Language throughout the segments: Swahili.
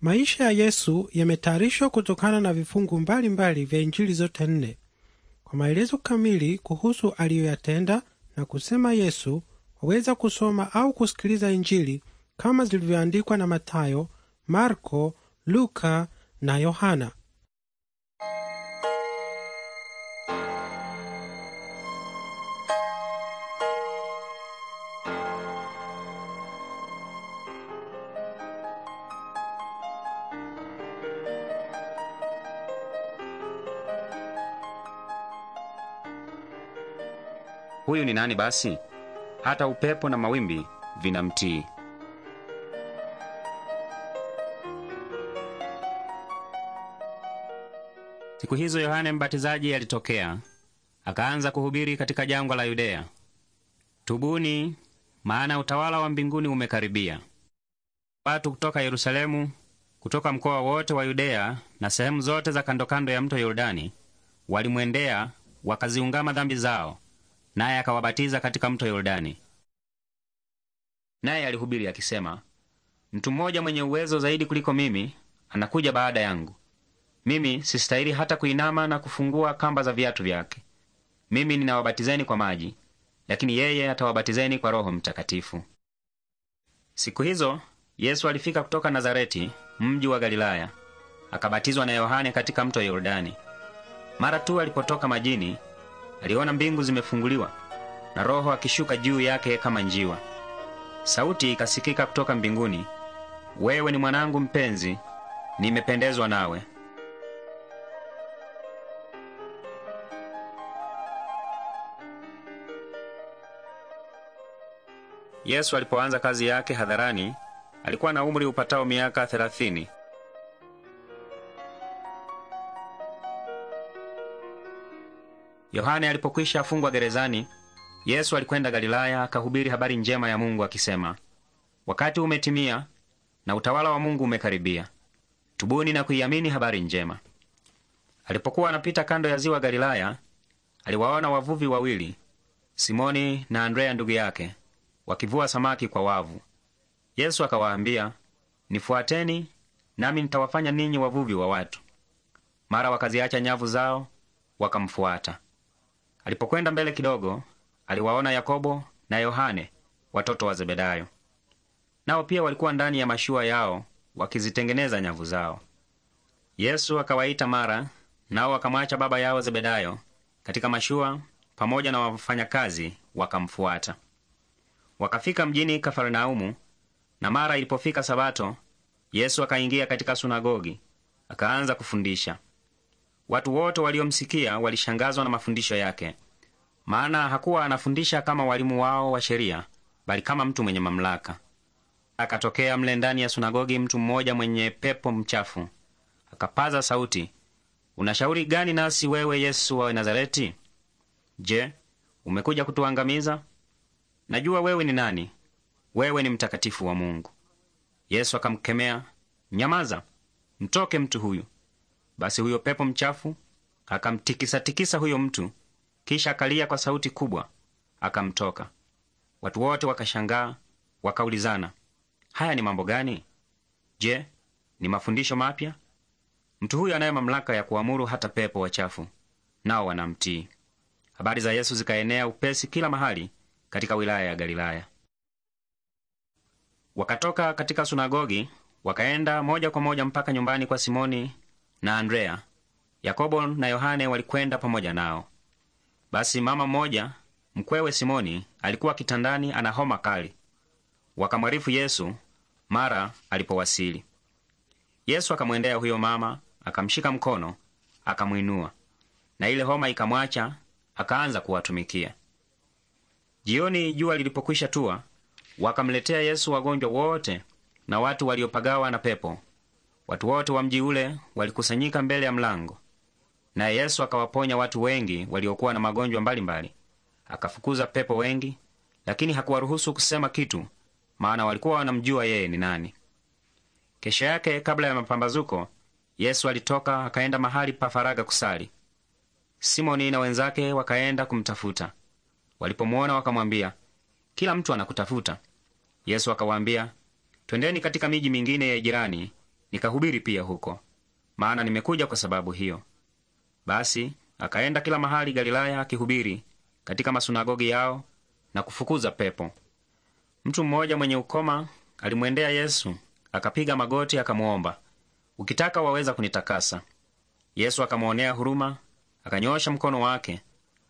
Maisha ya Yesu yametayarishwa kutokana na vifungu mbalimbali vya Injili zote nne. Kwa maelezo kamili kuhusu aliyoyatenda na kusema Yesu, waweza kusoma au kusikiliza Injili kama zilivyoandikwa na Matayo, Marko, Luka na Yohana. huyu ni nani basi? Hata upepo na mawimbi vinamtii. Siku hizo Yohane Mbatizaji alitokea akaanza kuhubiri katika jangwa la Yudea, tubuni, maana utawala wa mbinguni umekaribia. Watu kutoka Yerusalemu, kutoka mkoa wote wa Yudea na sehemu zote za kandokando ya mto Yordani walimwendea, wakaziungama dhambi zao, naye akawabatiza katika mto Yordani. Naye alihubiri akisema, mtu mmoja mwenye uwezo zaidi kuliko mimi anakuja baada yangu, mimi sistahili hata kuinama na kufungua kamba za viatu vyake. Mimi ninawabatizeni kwa maji, lakini yeye atawabatizeni kwa Roho Mtakatifu. Siku hizo Yesu alifika kutoka Nazareti, mji wa Galilaya, akabatizwa na Yohane katika mto Yordani. Mara tu alipotoka majini aliona mbingu zimefunguliwa na Roho akishuka juu yake kama njiwa. Sauti ikasikika kutoka mbinguni, wewe ni mwanangu mpenzi, nimependezwa nawe. Yesu alipoanza kazi yake hadharani alikuwa na umri upatao miaka thelathini. Yohane alipokwisha afungwa gerezani, Yesu alikwenda Galilaya akahubiri habari njema ya Mungu akisema, wakati umetimia na utawala wa Mungu umekaribia, tubuni na kuiamini habari njema. Alipokuwa anapita kando ya ziwa Galilaya, aliwaona wavuvi wawili, Simoni na Andrea ndugu yake, wakivua samaki kwa wavu. Yesu akawaambia, nifuateni nami nitawafanya ninyi wavuvi wa watu. Mara wakaziacha nyavu zao wakamfuata. Alipokwenda mbele kidogo, aliwaona Yakobo na Yohane watoto wa Zebedayo, nao pia walikuwa ndani ya mashua yao wakizitengeneza nyavu zao. Yesu akawaita mara, nao wakamwacha baba yao Zebedayo katika mashua pamoja na wafanyakazi wakamfuata. Wakafika mjini Kafarnaumu, na mara ilipofika Sabato, Yesu akaingia katika sunagogi akaanza kufundisha. Watu wote waliomsikia walishangazwa na mafundisho yake, maana hakuwa anafundisha kama walimu wao wa sheria, bali kama mtu mwenye mamlaka. Akatokea mle ndani ya sunagogi mtu mmoja mwenye pepo mchafu, akapaza sauti, unashauri gani nasi wewe Yesu wa Nazareti? Je, umekuja kutuangamiza? Najua wewe ni nani, wewe ni mtakatifu wa Mungu. Yesu akamkemea, nyamaza, mtoke mtu huyu. Basi huyo pepo mchafu akamtikisatikisa huyo mtu, kisha akalia kwa sauti kubwa, akamtoka. Watu wote wakashangaa, wakaulizana, haya ni mambo gani? Je, ni mafundisho mapya? Mtu huyo anayo mamlaka ya kuamuru hata pepo wachafu, nao wanamtii. Habari za Yesu zikaenea upesi kila mahali katika wilaya ya Galilaya. Wakatoka katika sunagogi wakaenda moja kwa moja mpaka nyumbani kwa Simoni na Andrea. Yakobo na Yohane walikwenda pamoja nao. Basi mama mmoja mkwewe Simoni alikuwa kitandani ana homa kali. Wakamwarifu Yesu mara alipowasili. Yesu akamwendea huyo mama, akamshika mkono, akamwinua, na ile homa ikamwacha, akaanza kuwatumikia. Jioni jua lilipokwisha tua, wakamletea Yesu wagonjwa wote na watu waliopagawa na pepo Watu wote wa mji ule walikusanyika mbele ya mlango, naye Yesu akawaponya watu wengi waliokuwa na magonjwa mbalimbali, akafukuza pepo wengi, lakini hakuwaruhusu kusema kitu, maana walikuwa wanamjua yeye ni nani. kesha yake, kabla ya mapambazuko, Yesu alitoka akaenda mahali pa faraga kusali. Simoni na wenzake wakaenda kumtafuta. Walipomuona wakamwambia, kila mtu anakutafuta. Yesu akawaambia, twendeni katika miji mingine ya jirani nikahubiri pia huko, maana nimekuja kwa sababu hiyo. Basi akaenda kila mahali Galilaya akihubiri katika masunagogi yao na kufukuza pepo. Mtu mmoja mwenye ukoma alimwendea Yesu, akapiga magoti akamwomba, ukitaka waweza kunitakasa. Yesu akamwonea huruma, akanyosha mkono wake,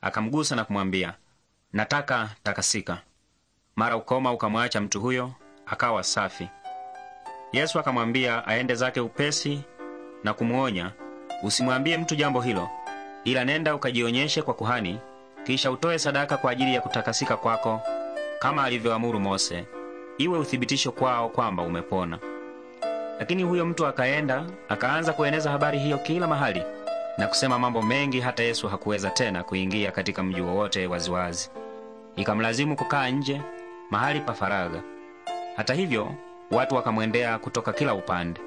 akamgusa na kumwambia, nataka takasika. Mara ukoma ukamwacha mtu huyo, akawa safi. Yesu akamwambia aende zake upesi na kumuonya, usimwambie mtu jambo hilo, ila nenda ukajionyeshe kwa kuhani, kisha utoe sadaka kwa ajili ya kutakasika kwako kama alivyoamuru Mose, iwe uthibitisho kwao kwamba umepona. Lakini huyo mtu akaenda akaanza kueneza habari hiyo kila mahali na kusema mambo mengi, hata Yesu hakuweza tena kuingia katika mji wowote waziwazi. Ikamlazimu kukaa nje mahali pa faragha. Hata hivyo Watu wakamwendea kutoka kila upande.